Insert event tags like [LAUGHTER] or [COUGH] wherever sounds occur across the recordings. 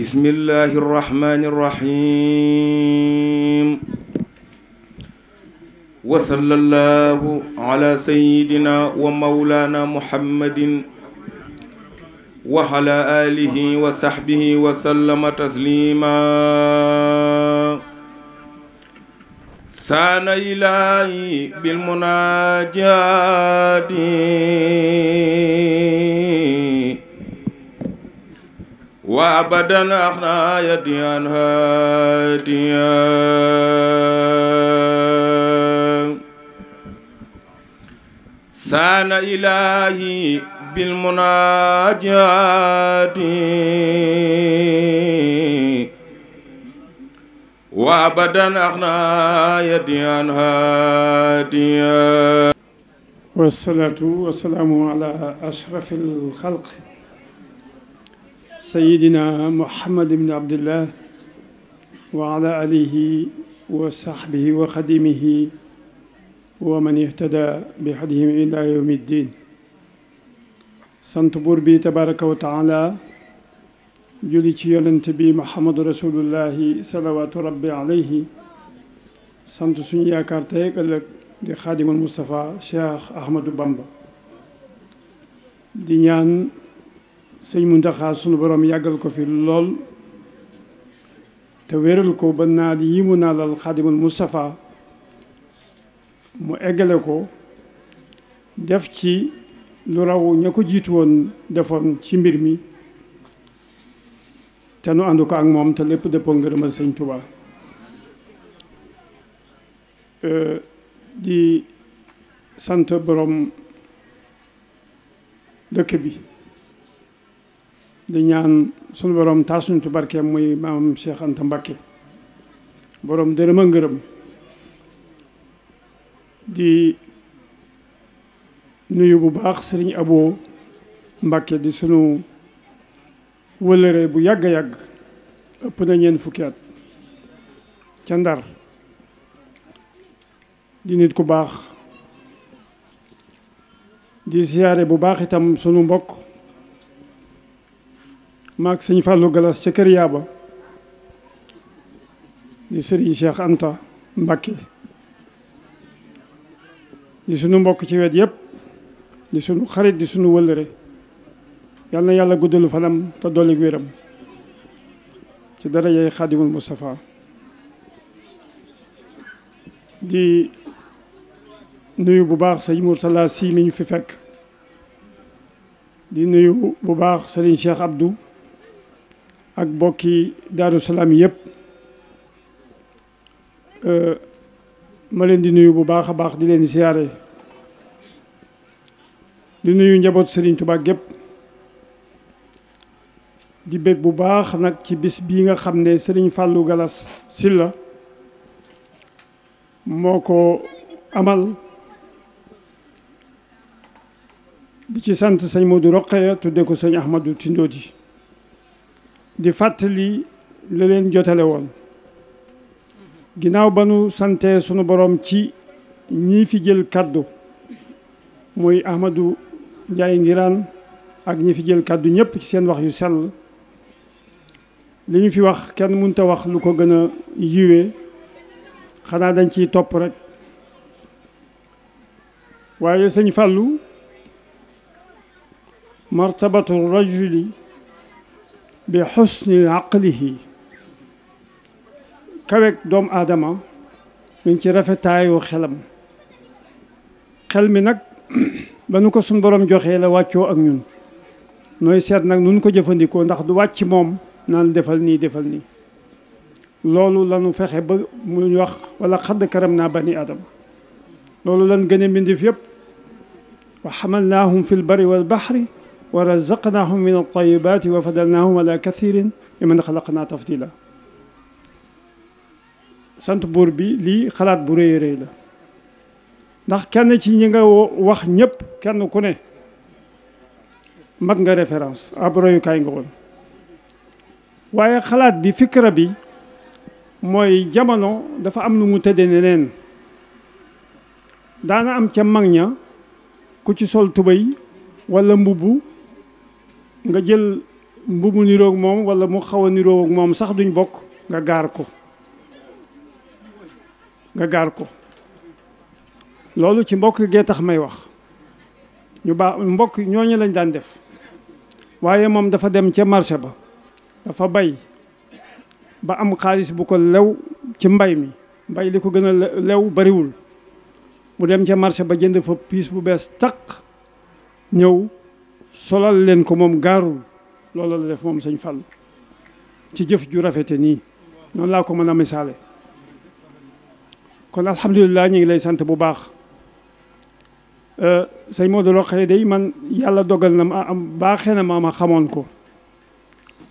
بسم الله الرحمن الرحيم وصلى الله على سيدنا ومولانا محمد وعلى آله وصحبه وسلم تسليما سان إلهي بالمناجات وأبدا أخنا يدي عن هاديا سان إلهي بالمناجات وأبدا أخنا يدي عن هاديا والصلاة والسلام على أشرف الخلق sayidina muhammad ibn abdillah wa ala alihi wa sahbihi wa xadimihi wa man ihtada bi hadihim ila yawmi ddin sant buur bi tabaraka wa taala julli ci yonent bi muhammadu rasulullahi salawatu rabbi alayhi sant suñu yaakaar tey ëllëg di xaadimul mustapha cheikh ahmadou bamba di ñaan sëñ Muntaxa sunu borom yàggal ko fi lool te wéral ko ba naal yi mu naalal xaadimul mustafa mu eggale ko def ci lu raw ña ko jiitu woon defoon ci mbir mi te nu ànd ko ak moom te lépp dëppoo ngërëmal sëñ Tuubaa di sant borom dëkk bi di ñaan sunu borom taasuñu ci barkeem muy maam Cheikh Mbakke boroom dërëm a ngërëm di nuyu bu baax sëriñ Abo Mbakke di sunu wëlëre bu yàgg yàgg ëpp na ñeent fukki at ca Ndar di nit ku baax di siyaare bu baax itam sunu mbokk. maak sëñ Fallou Galas ca kër yaaba di sëriñ Cheikh Anta Mbacké di sunu mbokk ci wet yëpp di sunu xarit di sunu wëllëre yal na yàlla guddalu fanam te dolli wéram ci dara darajay xaadimul Moustapha di nuyu bu baax sëñ Moursala si mi ñu fi fekk di nuyu bu baax sëriñ Cheikh Abdou ak bokki Daaru Salaam yëpp euh, ma leen di nuyu bu baax a baax di leen siyaare di nuyu njaboot sëriñ Touba gépp di bég bu baax nag ci bis bii nga xam ne Serigne Fallou Gallas Sylla moo ko amal di ci sant sëñ Modou Rokhaya tudde ko sëñ Ahmadou Tindodi di fàttali la leen jotale woon ginnaaw ba nu sante sunu boroom ci ñii fi jël kàddu muy Ahmadou njay ngiraan ak ñi fi jël kàddu ñëpp ci seen wax yu sell li ñu fi wax kenn munta wax lu ko gën a yiwee xanaa dañ ciy topp rek waaye sëñ Fallou martabatu rajuli bi xusni aqlihi kawek doomu aadama mi ngi ci rafetaayu xelam xel mi nag ba nu ko suñ borom joxee la wàccoo ak ñun nooy seet nag nun ko jëfandikoo ndax du wàcc moom naan defal nii defal nii loolu lañu fexe ba mu wax wala xadd karam naa bani aadama loolu lan gën a mbindeef yëpp wa xamalnaahum fil bari wal baxri ورزقناهم من الطيبات وفضلناهم على كثير ممن خلقنا تفضيلا sant buur bi lii xalaat bu rëy rëy la ndax kenn ci ñi nga wax ñépp kenn ku ne mag nga référence ab royukaay nga waaye xalaat bi fikra bi mooy jamono dafa am lu mu tëdde ne neen daana am ca mag ña ku ci sol tubéy walla mbubb nga jël mbubu niroog moom wala mu xaw a niroog moom sax duñ bokk nga gaar ko nga gaar ko loolu ci mbokk gee tax may wax ñu baax mbokk ñooñu lañ daan def waaye moom dafa dem ca marché ba dafa bay ba am xaalis bu ko lew ci mbay mi mbay li ko gën a lew bariwul mu dem ca marché ba jënd fa piis bu bees taq ñëw solal leen ko moom gaarul loola la def moom sëñ fal ci jëf ju rafete nii noonu laa ko mën a misaale kon alhamdulilah ñu ngi lay sant bu baax euh, sëñ Modou Rokhaya day man yàlla dogal na ma am baaxe na ma ma xamoon ko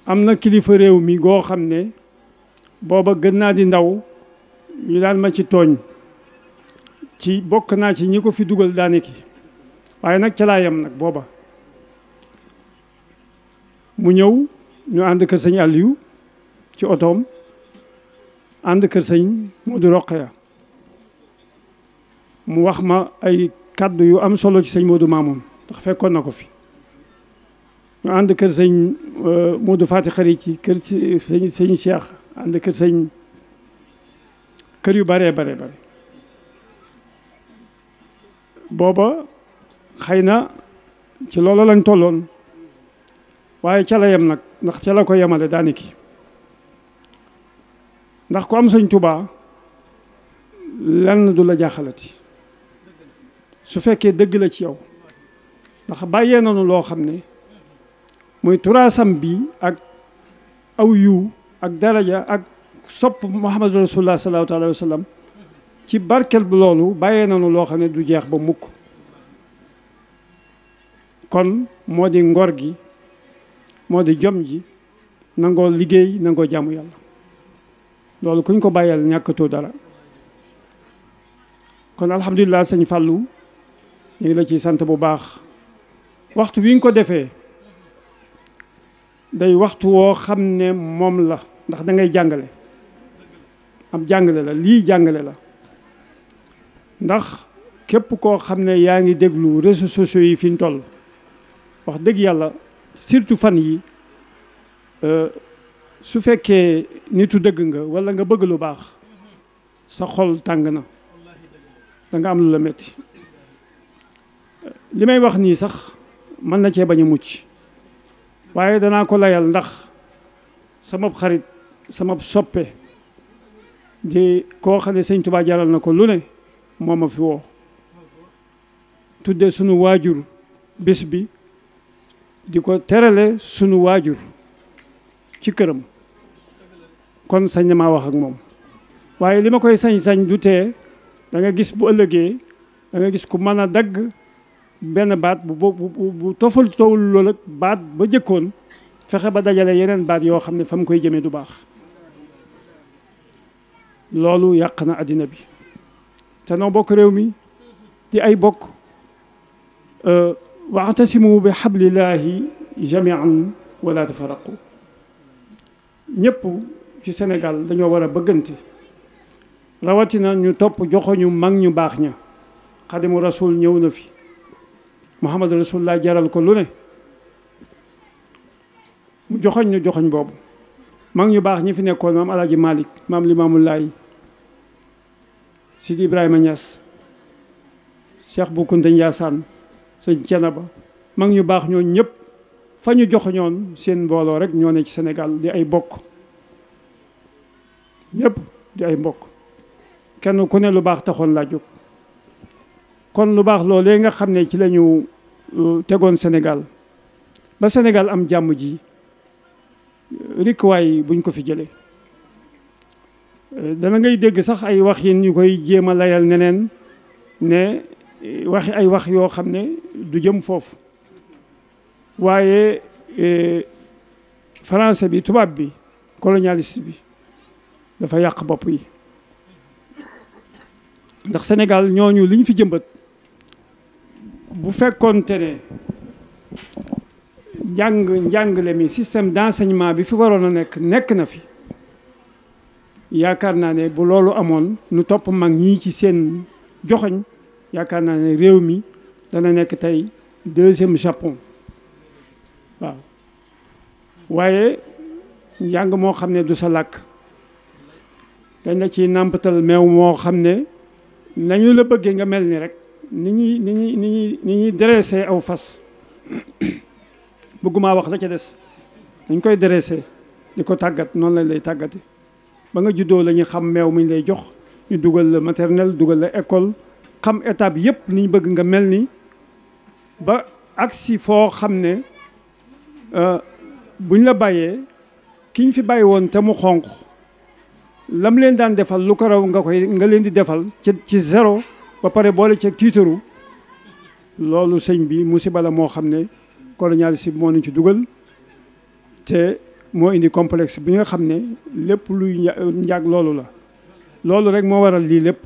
am na kilifa réew mi goo xam ne booba gën naa di ndaw ñu daan ma ci tooñ ci bokk naa ci ñi ko fi dugal daane ki waaye nag ca nag booba mu ñëw ñu ànd kër sëñ Aliou ci otoom ànd kër sëñ Modou Rokhaya mu wax ma ay kàddu yu am solo ci sëñ Modou Mamoun ndax fekkoon na ko fi ñu ànd kër sëñ euh, Modou Fati Xari ci kër ci sëñ sëñ Cheikh ànd kër sëñ kër yu bare bare bare booba xëy na ci loolu lañ tolloon waaye ca la yem nag ndax ca la ko yemale daaniki ndax ku am sëñ tubaa lenn du la jaaxalati su fekkee dëgg la ci yow ndax bàyyee nañu loo xam ne muy turaasam bi ak aw yiw ak daraja ak sopp muhammadu rasulullah sallallahu alayhi wa sallam ci barkel bu loolu bàyyee nañu loo xam ne du jeex ba mukk kon moo di ngor gi moo di jom ji nangoo liggéey nangoo jaamu yàlla loolu kuñ ko bàyyal ñàkkatoo dara kon alhamdulilah sëñ Fallou ñu ngi la ci sant bu baax waxtu wi nga ko defee day waxtu woo xam ne moom la ndax dangay ngay jàngale am jàngale la lii jàngale la ndax képp koo xam ne yaa ngi déglu réseaux sociaux yi fi ñu toll wax dëgg yàlla surtout fan yi euh, su fekkee nitu dëgg nga walla nga bëgg lu baax sa xol tàng na danga am lu la metti li may wax nii sax mën na cee bañ a mucc waaye danaa ko layal ndax sama xarit sama soppe di koo xam ne sëñ Tuubaa jaral na ko lu ne moo ma fi woo tudde sunu waajur bis bi di ko terale sunu waajur ci këram kon sañ na ma wax ak moom waaye li ma koy sañ-sañ du tee danga gis bu ëllëgee danga gis ku mën a dagg benn baat bu bu tofal towul loolu baat ba jëkkoon fexe ba dajale yeneen baat yoo xam ne fa mu koy jëmee du baax loolu yàq na àddina bi te noo bokk réew mi di ay bokk euh, waxtasimu bi xablillahi jamian wala tafaraqu ñëpp ci senegal dañoo war a bëggante rawatina ñu topp joxoñu mag ñu baax ña xadimu rasul ñëw na fi muhammadu rasulullah jaral ko lu ne mu joxoñ ñu joxoñ boobu mag ñu baax ñi fi nekkoon maam alaaji malik maam limaamulaay sidi ibrahima ñas cheikh bu kunta sëñ Thiénaba mag ñu baax ñooñu ñëpp fa ñu jox ñoon seen mbooloo rek ñoo ne ci senegal di ay bokk ñépp di ay mbokk kenn ku ne lu baax taxoon laa kon lu baax loolee nga xam ne ci lañu euh, tegoon senegal ba senegal am jàmm ji rikkuwaay buñ ko fi jëlee euh, dana ngay dégg sax ay wax yi ñu koy jéem a layal neneen ne Eh, waxi ay wax yoo xam ne du jëm foofu waaye eh, français bi tubaab bi colonialiste bi dafa yàq bopp yi ndax Sénégal ñooñu liñ fi jëmbat bu fekkoonte ne njàng njàngale mi système d'enseignement bi fi waroon a nekk nekk na fi yaakaar naa ne bu loolu amoon nu topp mag ñii ci seen joxoñ yaakaar naa ne réew mi dana nekk tey deuxième Japon waaw waaye njàng moo xam ne du sa làkk dañ la ci nàmpatal meew moo xam ne nañu la bëggee nga mel ni rek ni ñuy ni ñuy ni ñuy ni ñuy dressé aw fas bëgguma wax la ca des dañ koy dressé di ko tàggat noonu lañ lay tàggate ba nga juddoo la ñuy xam meew mi ñu lay jox ñu dugal la maternelle dugal la école xam étape yëpp ni bëgg nga mel ni ba agsi foo xam ne euh, buñ la bàyyee kiñ fi bàyyi woon te mu xonq lam leen daan defal lu ko raw nga koy nga leen di defal ci ci zéro ba pare boole ci tiitaru loolu sëñ bi musiba la moo xam ne colonialisme moo nañ ci dugal te moo indi complexe bi nga xam ne lépp luy njaag loolu la loolu rek moo waral lii lépp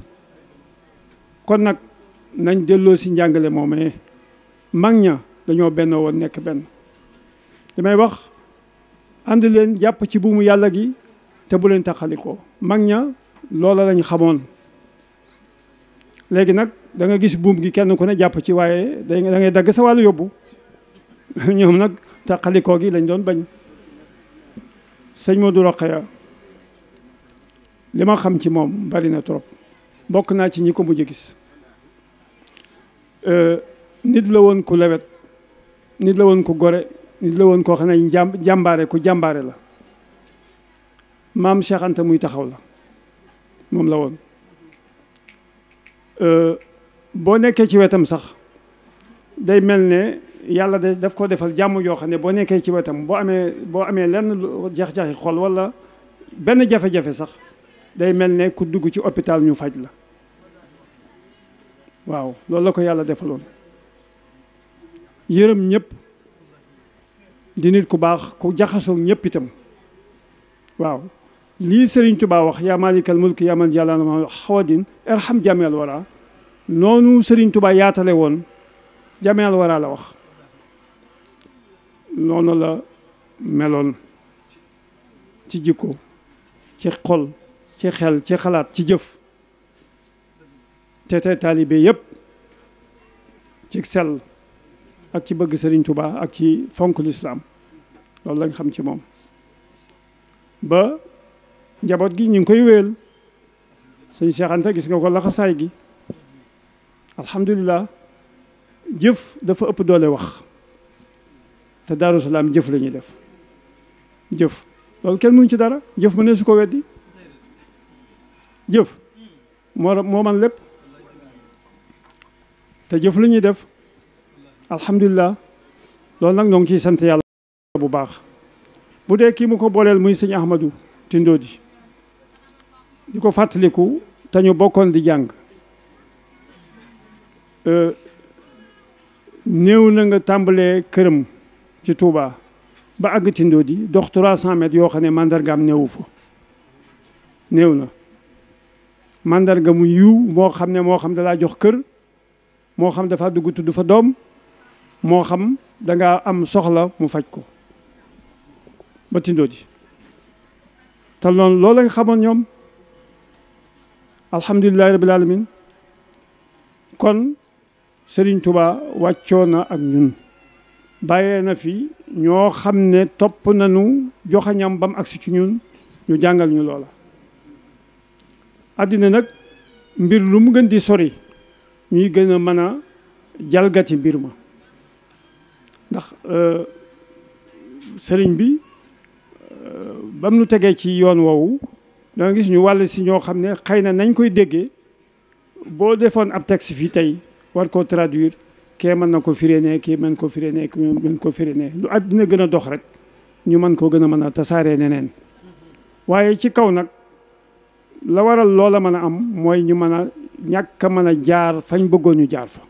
kon nag nañ delloo si njàngale moomee mag ña dañoo benn woon nekk benn damay wax ànd leen jàpp ci buumu yàlla gi te bu leen taqalikoo mag ña loola lañ xamoon léegi nag danga gis buum gi kenn ku ne jàpp ci waaye da ngay dagg sa wàllu yóbbu [LAUGHS] ñoom nag taqalikoo gi lañ doon bañ sëñ Modou Rokhaya li ma xam ci moom bari na trop bokk naa ci ñi ko mujj gis euh, nit la woon ku lewet nit la woon ku gore nit la woon koo xam ne jàm jàmbaare ku jàmbaare la maam Cheikh muy taxaw la moom la woon euh, boo nekkee ci wetam sax day mel ne yàlla de daf koo defal jàmm yoo xam ne boo nekkee ci wetam boo amee boo amee lenn jax-jaxi xol walla benn jafe-jafe sax day mel ne ku dugg ci hôpital ñu faj la waaw loolu la ko yàlla defaloon yërëm ñépp di nit ku baax ku jaxasoo ñëpp itam waaw lii Sëriñ Tuubaa wax yaa maalikal mulki yaa man jalaana ma xawadin irham jameel wara noonu Sëriñ Tuubaa yaatale woon jameel wara la wax noonu la meloon ci jikko ci xol ci xel ci xalaat ci jëf te te taalibe yëpp ci sell ak ci bëgg Sëriñ tubaa ak ci fonk lislaam loolu lañ xam ci moom ba njaboot gi ñu ngi koy wéel sëñ Cheikh gis nga ko laxasaay gi alhamdulilah jëf dafa ëpp doole wax te Daaru Salaam jëf lañuy def jëf loolu kenn mënu ci dara jëf mu ne su ko weddi jëf moo moo man lépp te jëf lu ñuy def alhamdulilah loolu nag ñoo ci ciy sant yàlla bu baax bu dee ki mu ko booleel muy sëñ Ahmadou Tindodi di ko fàttaliku te ñu bokkoon di jàng euh, néew na nga tàmbalee këram ci tuuba ba àgg Tindodi dox 300 mètres yoo xam ne mandargaam néewu fa néew na mandarga mu yiw moo xam ne moo xam dalaa jox kër moo xam dafa dugg tudd fa doom moo xam danga am soxla mu faj ko ba tindoo ji te loolu loolu la xamoon ñoom alhamdulilahi laa alamin kon Sëriñ Tuba wàccoo na ak ñun bàyyee na fi ñoo xam ne topp nañu joxañam bam agsi ci ñun ñu jàngal ñu loola àddina nag mbir lu mu gën di sori ñuy gën a mën a jalgati mbir ma ndax euh, sëriñ bi euh, bam nu tegee ci yoon woowu danga gis ñu wàll si ñoo xam ne xëy na nañ koy déggee boo defoon ab texte fii tey war koo traduire kee mën na ko firee ne kii mën ko firee ne kii mën ko lu àddina gën a dox rek ñu mën koo gën a mën a tasaaree neneen waaye ci kaw nag la waral loola mën a am mooy ñu mën a ñàkk a mën a jaar fañ bëggoon ñu jaar fa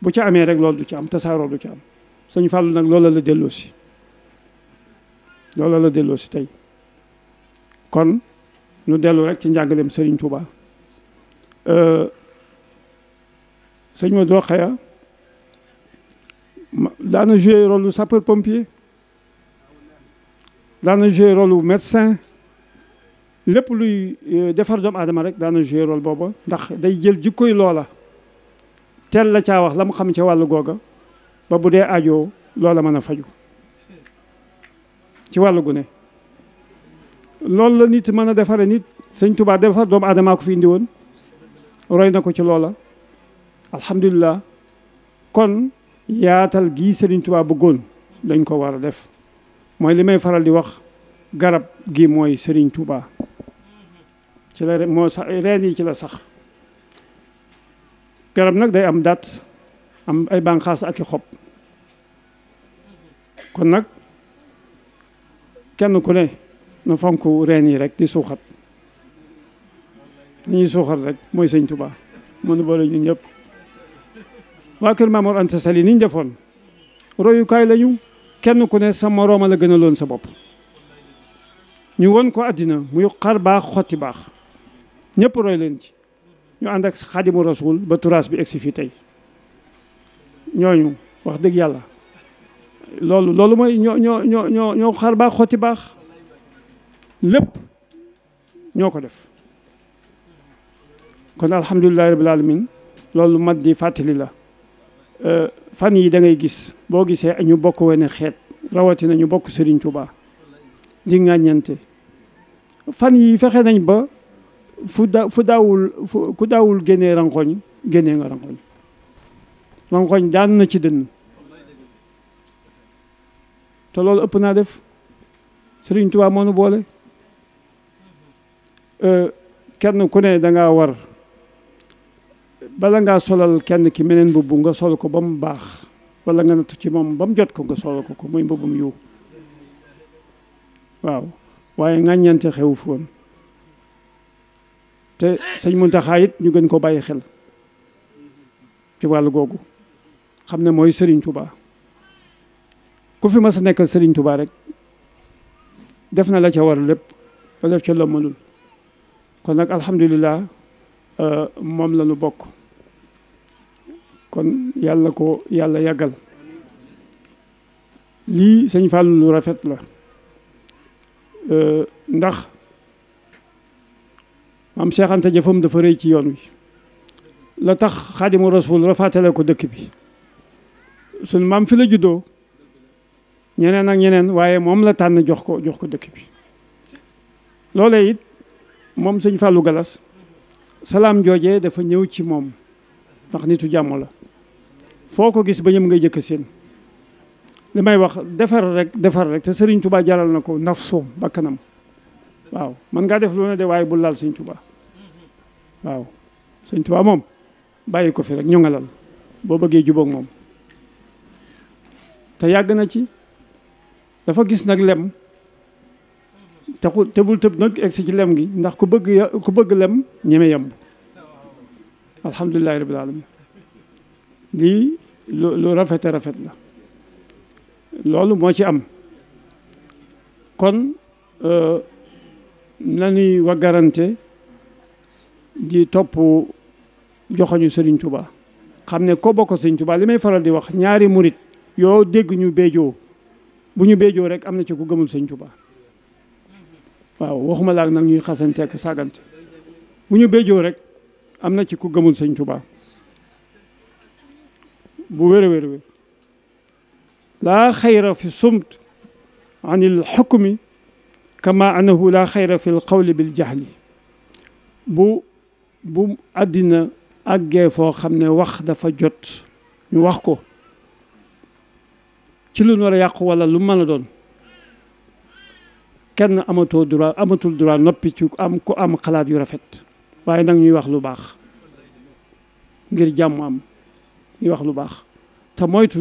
bu ci amee rek loolu du ci am tasaaroo du ci am sëñ Fallou nag loola la delloo si loola la delloo si tey kon ñu dellu rek ci njàngaleem Serigne Touba sëñ Modou Rokhaya daana joué rôle lu sapeur pompier daana joué rôle médecin lépp luy euh, defar doomu aadama rek daana joué rôle booba ndax day jël jikkoy loola teel la caa wax la mu xam ca wàllu googa ba bu dee ajoo loola mën a faju ci wàllu gune loolu la nit mën a defare nit sëñ Tuubaa defar doomu aadamaa ko fi indi woon roy na ko ci loola alhamdulilah kon yaatal gii sëriñ Tuubaa bëggoon dañ ko war a def mooy li may faral di wax garab gii mooy sëriñ Tuubaa ci la moo sax reen yi ci la sax garab nag day am daat am ay bànqaas ak i xob kon nag kenn ku ne na fonk reen yi rek di suuxat ñuy suuxat rek mooy sëñ Tuba mënu boole ñun ñëpp waa kër Maam Mor Anta Sali defoon royukaay lañu kenn ku ne sa morooma la gën sa bopp ñu won ko àddina muy xar baax xotti baax ñëpp roy leen ci ñu ànd ak xadimu rasul ba turaas bi si fii tey ñooñu wax dëgg yàlla loolu loolu mooy ñoo ñoo ñoo ñoo ñoo xar baax xotti baax lépp ñoo ko def kon alhamdulilahi rabbil alamin loolu mat di fàttali la euh, fan yi dangay gis boo gisee ñu bokk wenn xeet rawatina ñu bokk Serigne Touba di ŋàññante fan yi fexe nañ ba fu da fu daawul fu ku daawul génne rankoñ génne nga rankoñ rankoñ daan na ci dënn te loolu ëpp naa def Sëriñ Tuubaa moo nu boole kenn ku ne dangaa war bala ngaa solal kenn ki meneen mbubb nga sol ko ba mu baax walla nga natt ci moom ba mu jot ko nga sol ko ko muy mbubbum yiw waaw waaye ŋàññante xewu fi woon te sëñ Muntaxa it ñu gën ko bàyyi xel ci wàll googu xam ne mooy sëriñ tubaa ku fi mas a nekkal sëriñ Touba rek def na la ca war lépp ba def ca la mënul kon nag alhamdulilah euh, moom la ñu bokk kon yàlla ko yàlla yàggal lii sëñ Fallou lu rafet la euh, ndax maam Cheikh Anta jëfam dafa rëy ci yoon wi la tax xaadimu rasul rafaatale ko dëkk bi suñ maam fi la juddoo ñeneen ak ñeneen waaye moom la tànn jox ko jox ko dëkk bi loolee it moom sëñ fàllu Galas salaam joojee dafa ñëw ci moom ndax nitu jàmm la foo ko gis ba ñëm ngay jëkk seen li may wax defar rek defar rek te Sëriñ Tuubaa jaral na ko naf soom bakkanam waaw man ngaa def lu de waaye bu laal sëñ Tuubaa waaw sëñ Tuubaa moom bàyyi ko fi rek ñu ngalal boo bëggee jubóog moom te yàgg na ci dafa gis nag lem taxul tebul tëb nag egsi ci lem gi ndax ku bëgg bëgg lem ñeme yemb alhamdulilahi rabbil alamin lii lu rafete rafet la loolu moo ci am kon euh, na nañuy waggarante di topp joxoñu Serigne Touba xam ne ko bokk Serigne Touba li may faral di wax ñaari murit yoo dégg ñu béejoo bu ñu béejoo rek am na ci ku gëmul Serigne Touba waaw waxuma laak nag ñuy xasante ak saagante bu ñu béejoo rek am na ci ku gëmul Serigne bu wér a wér laa xayra fi sumt anil xukmi kama annahu laa xayra fi l qawli bil jahli bu bu àddina ak foo xam ne wax dafa jot ñu wax ko ci lu nar a yàqu wala lu mën a doon kenn amatoo droit amatul droit noppi ci am ku am xalaat yu rafet waaye nag ñuy wax lu baax ngir jàmm am ñuy wax lu baax te moytu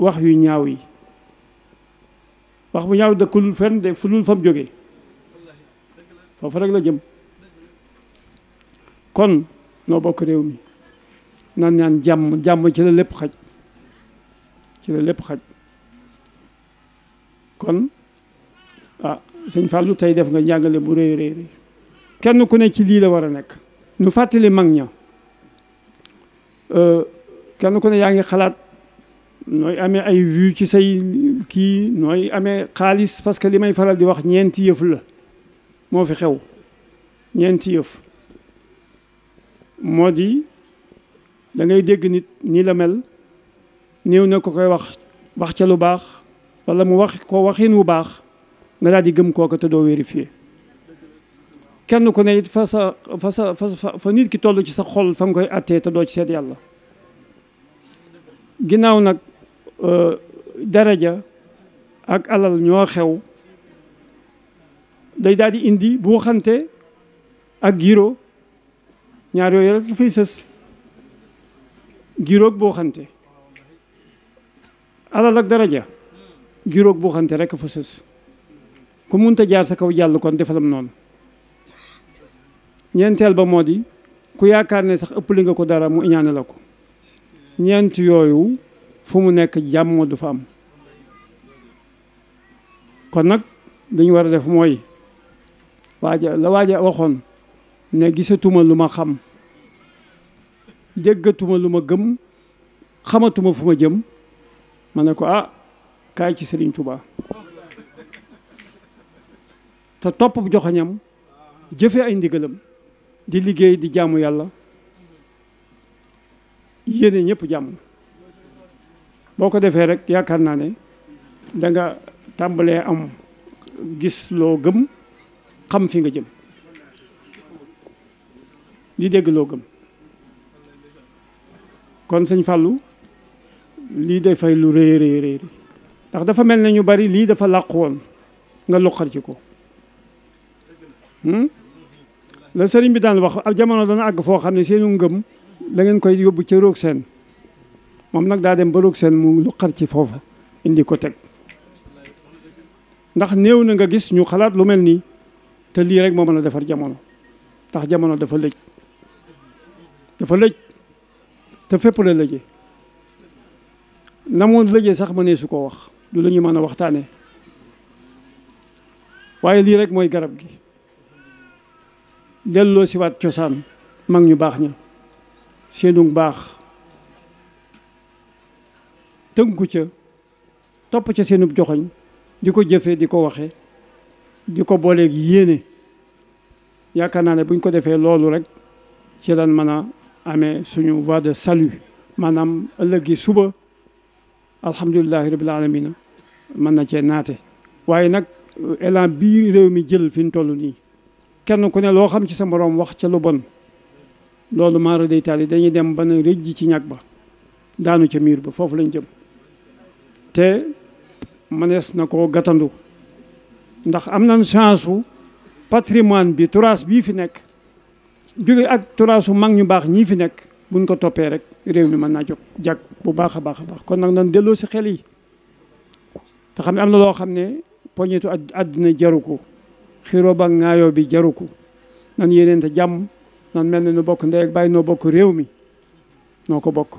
wax yu ñaaw yi wax bu ñaaw dëkkulul fen de fulul fa mu jógee foofu rek la jëm kon noo bokk réew mi naan jàmm jàmm ci la lépp xaj ci la lépp xaj kon ah sëñ Fallou tey def nga jàngale bu rëy rëy kenn ku ne ci lii la war a nekk. ñu fàttali mag ña euh, kenn ku ne yaa ngi xalaat. nooy amee ay vues ci say kii nooy amee xaalis parce que li may faral di wax ñeenti yëf la moo fi xew ñeenti yëf moo di dangay dégg nit nii la mel néew na ko koy wax wax ca lu baax walla mu wax ko waxin wu baax nga daal di gëm kooka te doo vérifier kenn ku ne it fa sa fa sa fa fa nit ki toll ci sa xol fa nga koy attee te doo ci seet yàlla ginnaaw nag euh, daraja ak alal ñoo xew day daal di indi buuxante ak giro ñaar yooyu rek dafay sës giroog buuxante alal ak daraja giroog buuxante rek fa sës ku munta jaar sa kaw jàll kon defalam noonu ñeenteel ba moo di ku yaakaar ne sax ëpp li nga ko dara mu iñaane la ko ñeent yooyu fu mu nekk jàmm du fa am kon nag dañu war a def mooy waaja la waaja waxoon ne gisatuma lu ma xam déggatuma lu ma gëm xamatuma fu ma jëm ma ne ko ah kaay ci Sëriñ Tuubaa te topp joxoñam jëfe ay ndigalam di liggéey di jàmm yàlla yéene ñëpp jàmm boo ko defee rek yaakaar naa ne danga tàmbalee am gis loo gëm xam fi nga jëm di dégg loo gëm kon sëñ fàllu lii day fay lu rëy rëy ndax dafa mel ne ñu bari lii dafa làqu woon nga loqar ci ko hmm? la sëriñ bi daan wax jamono dana àgg foo xam ne seenu ngëm la ngeen koy yóbbu ca seen moom nag daa dem ba roog seen mu lu ci foofu indi ko teg ndax néew na nga gis ñu xalaat lu mel nii te lii rek moo mën a defar jamono ndax jamono dafa lëj dafa lëj te fépp la lëje na mu lëje sax mënee su ko wax du la ñu mën a waxtaane waaye lii rek mooy garab gi delloo siwaat cosaan mag ñu baax ña seenu baax tënku ca topp ca seenub joxoñ di ko jëfe di ko waxe di ko booleeg yéene yaakaar naa ne buñ ko defee loolu rek ci lan mën a amee suñu voie de salut maanaam ëllëg yi suba alhamdulilahi rabil alamina mën na cee naate waaye nag élan bii réew mi jël fi ñu toll nii kenn ku ne loo xam ci sa moroom wax ca lu bon loolu maaro day taal yi dañuy dem ba na rëjj ci ñag ba daanu ca miir ba foofu lañ jëm te mënees na koo gàttandu ndax am na chance su patrimoine bi turaas bii fi nekk jóge ak turaasu mag ñu baax ñii fi nekk buñ ko toppee rek réew mi mën naa jóg jàkk bu baax a baax a baax kon nag nan delloo si xel yi te xam ne am na loo xam ne poñetu àddina jaru ko xiroo ba ŋaayoo bi jaru ko nan yéeneente jàmm nan mel ne nu bokk ndey ak bàyyi noo bokk réew mi noo ko bokk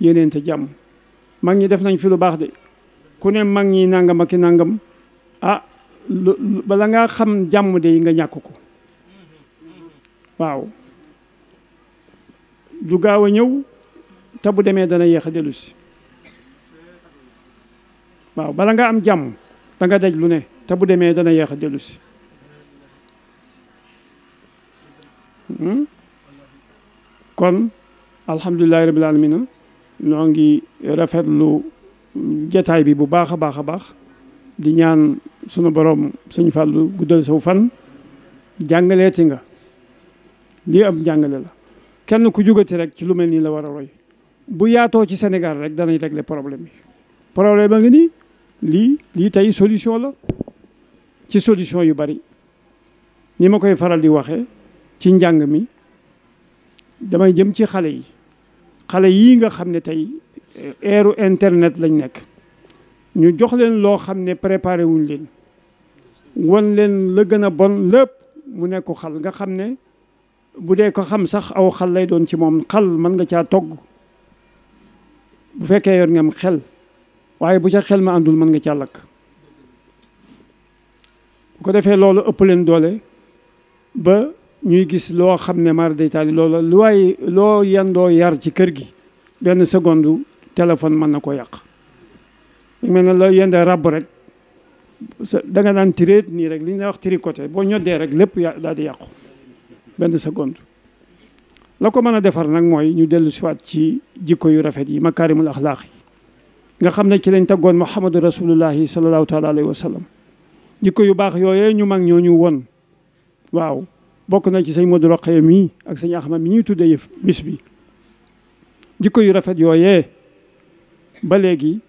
yéeneente jàmm mag ñi def nañ fi lu baax de ku ne mag ñi nangam ak i nangam ah bala ngaa xam jàmm de yi nga ñàkk ko waaw du gaaw a ñëw te bu demee dana yéex a dellu waaw bala nga am jàmm danga nga daj lu ne te bu demee dana yéex a dellu Hmm? kon alhamdulilahi rabbil alamina ñoo ngi rafet lu jataay bi bu baax a baax a baax di ñaan sunu borom suñu fàllu guddal saw fan jàngaleeti nga lii am jàngale la kenn ku jugati rek ci lu mel nii la war a roy bu yaatoo ci Sénégal rek danañ régler problème bi problème ba nga nii lii lii tey solution la ci solution yu bari ni ma koy faral di waxee ci njàng mi damay jëm ci xale yi xale yii nga xam ne tey eeru eh, internet lañ nekk ñu jox leen loo xam ne préparé wuñ leen wan leen la gën a bon lépp mu nekk xal nga xam ne bu dee ko xam sax aw xal lay doon ci moom xal mën nga caa togg bu fekkee yoon ngam xel waaye bu ca xel ma àndul mën nga caa lakk bu ko defee loolu ëpp leen doole ba ñuy gis loo xam ne mar day taali loola lu waaye loo yendoo yar ci kër gi benn seconde téléphone mën na ko yàq ñu mel ne loo yendee rab rek da nga daan tiréet nii rek li ñuy wax tricoté boo ñoddee rek lépp daal di yàqu benn seconde la ko mën a defar nag mooy ñu dellu siwaat ci jikko yu rafet yi makaarimul axlaaq yi nga xam ne ci lañ taggoon muhammadu rasulullahi sallallahu taala alayhi wa sallam jikko yu baax yooyee ñu mag ñoo ñu won waaw bokk na ci sëñ Modou Rokhaya mii ak sëñ Axma mi ñuy tuddee yëf bis bi jikko yu rafet yooyee ba léegi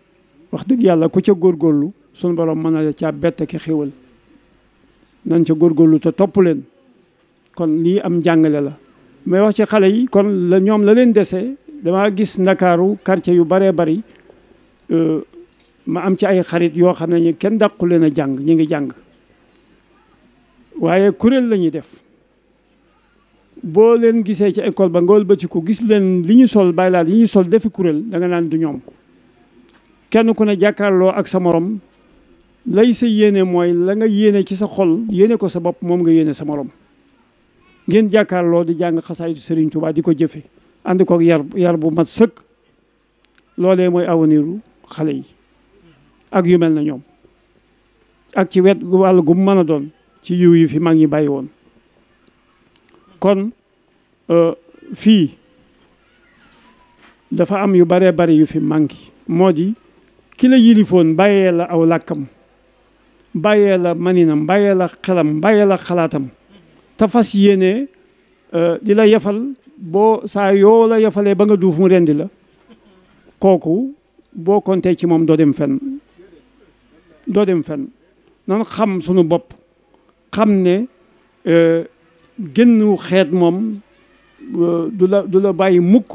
wax dëgg yàlla ku ca góor góorlu sunu borom mën na caa bett ki xéwal nañ ca góor góorlu te topp leen kon lii am njàngale la mais wax ci xale yi kon la ñoom la leen dese damaa gis ndakaaru quartier yu baree bari euh, ma am ci ay xarit yoo xam ne kenn dàqu leen a jàng ñu ngi jàng waaye kuréel lañuy def boo leen gisee ci école ba nga wëlbatiku gis leen li ñu sol bàyyi laat yi ñu sol defi kuréel da nga naan du ñoom kenn ku ne jàkkaarloo ak sa moroom lay sa yéene mooy la nga yéene ci sa xol yéene ko sa bopp moom nga yéene sa morom ngeen jàkkaarloo di jàng xasaayitu Serigne Touba di ko jëfe ànd ko yar yar bu mat sëkk loolee mooy awaniru xale yi ak yu mel na ñoom ak ci wet wàll gu mu mën a doon ci yiw yi fi mag ñi bàyyi woon kon euh, fii dafa am yu baree bari yu fi manqué moo di ki la yilifoon bàyyee la aw làkkam bàyyee la maninam bàyyee la xelam bàyyee la xalaatam tafas fas yéene euh, di la yefal boo saa yoo la yefalee ba nga duuf mu rendi la kooku boo kontee ci moom doo dem fenn doo dem fenn nan xam sunu bopp xam ne euh, génnu xeet moom euh, du la du la bàyyi mukk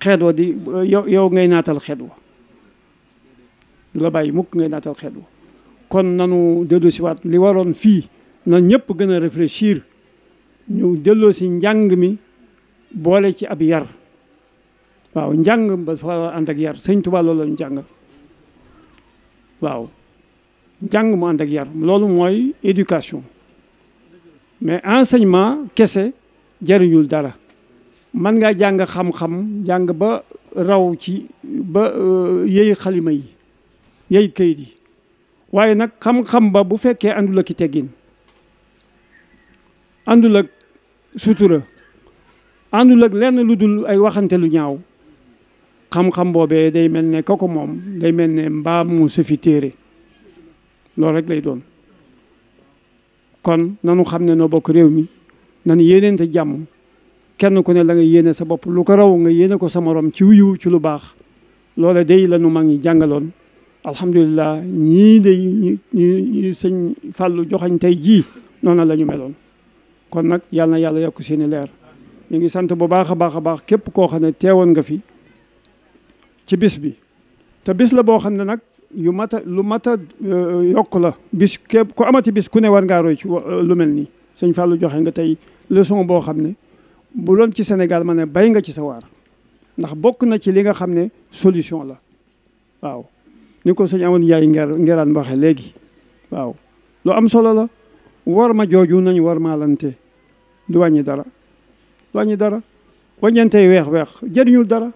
xeet wa di euh, yow ngay naatal xeet wa du la bàyyi mukk ngay naatal xeet wa kon nanu dellu siwaat li waroon fii na ñëpp gën a réfléchir ñu delloo si njàng mi boole ci ab yar waaw njàng ba fa ànd ak yar sëñ Tuubaa loolu lañu waaw njàng mu ànd ak yar loolu mooy éducation mais enseignement kese jariñul dara man ngaa jàng xam-xam jàng ba raw ci ba euh, yey xalima yi yey kayit yi waaye nag xam-xam ba bu fekkee àndul ak i teggin àndul ak sutura àndul ak lenn lu dul ay waxante lu ñaaw xam-xam boobee day mel ne koko moom day mel ne mbaa mu sa fi téere loolu rek lay doon kon nanu xam ne noo bokk réew mi nanu yéeneente jàmm kenn ku ne la nga yéene sa bopp lu ko raw nga yéene ko sa morom ci wuyu ci lu baax loola day lanu mag ñi jàngaloon alhamdulilah ñii day ñu sëñ fàllu joxañ tey jii noonu la ñu meloon kon nag yàlla na yàlla yokk seeni leer ñu ngi sant bu baax a baax a baax képp koo xam ne teewoon nga fi ci bis bi te bis la boo xam ne nag yu mat a lu mat a euh, yokk la bis képp ku amati bis ku ne war ngaa roy ci euh, lu mel nii sëñ Fallou joxe nga tey leçon boo xam ne bu doon ci Sénégal ma ne bay nga ci sa waar ndax bokk na ci li nga xam ne solution la waaw ni ko sëñ amoon Ndiaye ngeer ngeraan waxee léegi waaw am solo la war ma jooju nañu war maalante du wàññi dara wàññi dara wàññeentey weex weex jëriñul dara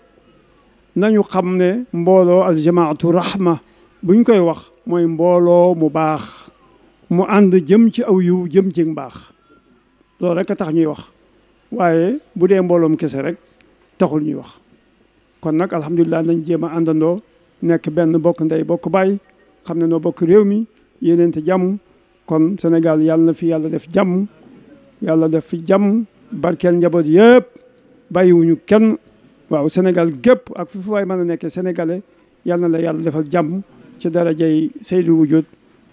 nañu xam ne mbooloo aljamaatu rahma buñ koy wax mooy mbooloo mu baax mu ànd jëm ci aw yiw jëm ci mbaax loolu rek a tax ñuy wax waaye bu dee mbooloom kese rek taxul ñuy wax kon nag alhamdulilah nañ jéem a àndandoo nekk benn bokk ndey bokk baay xam ne noo bokk réew mi yéeneente jàmm kon Sénégal yàlla na fi yàlla def jàmm yàlla def fi jàmm barkeel njaboot yëpp bàyyiwuñu kenn waaw Sénégal gépp ak fu fu waay mën a nekkee sénégalais yàlla na yàlla defal jàmm ci darajay Seydul Wujud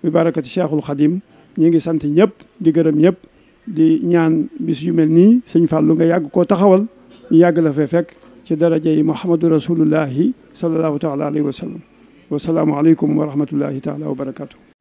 bi barakati Cheikhul Khadim ñi ngi sant ñëpp di gërëm ñëpp di ñaan bis yu mel nii sëñ Fàllu nga yàgg koo taxawal ñu yàgg la fee fekk ci darajay Muhammadu Rasulullahi sallallahu taala alayhi wa sallam wasalaamu aleykum wa rahmatullahi taala wa barakatu